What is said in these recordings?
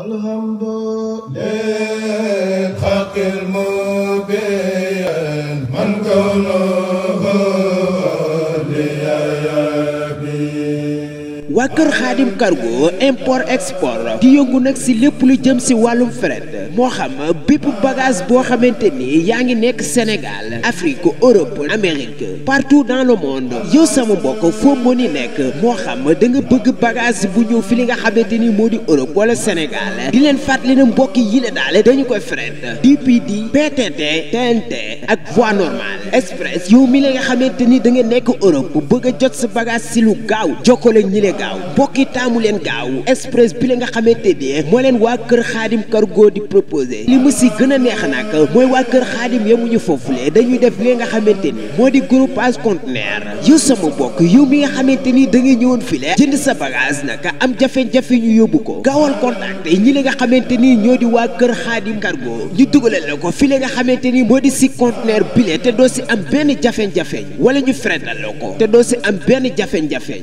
الحمد للحق المبين waa kër xaadim cargo import export di yëngu nag si lépp lu jëm si wàllum fret moo xam bépp bagage boo xamante ni yaa ngi nekk Sénégal Afrique Europe Amérique partout dans le monde yow sama mbokk foo mën ni nekk moo xam da nga bëgg bagage bu ñëw fi li nga xamante ni moo di Europe wala Sénégal di leen fàttali ne mbokk yi la daal dañu koy di DPD di TNT ak voie normale express yow mi la nga xamante ni da nga nekk Europe bëgg a jot sa bagage si lu gaaw jokkoo la ñi gaaw bokki taamu leen gaaw express bi la nga xamante ni moo leen waa kër xaadim cargo di proposé li mu si gën a neex nag mooy waa kër xaadim yemuñu foofule dañuy def li nga xamante ni moo di groupage conteneur yow sama bokk yow mi nga xamante ni da nga ñëwoon file jënd sa bagage nag am jafe-jafe ñu yóbbu ko gaawal contacté ñi la nga xamante ni ñoo di waa kër xaadim cargo ñu dugalal la ko file nga xamante ni moo di si conteneur bile te doo si am benn jafe-jafe wala ñu fredal la ko te doo si am benn jafe-jafe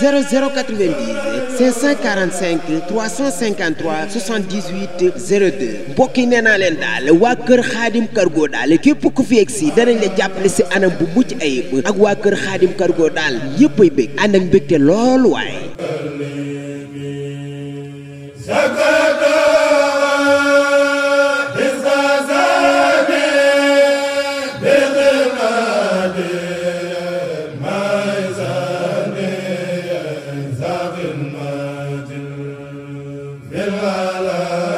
0090 545 353 78 02 mbokk nee naa leen daal waa kër xaadim cargo daal képp ku fi egg si danañ la jàppale si anam bu mucc ayib ak waa kër xaadim cargo daal yëpp ay bëgg ànd ak mbégte lool waaye. la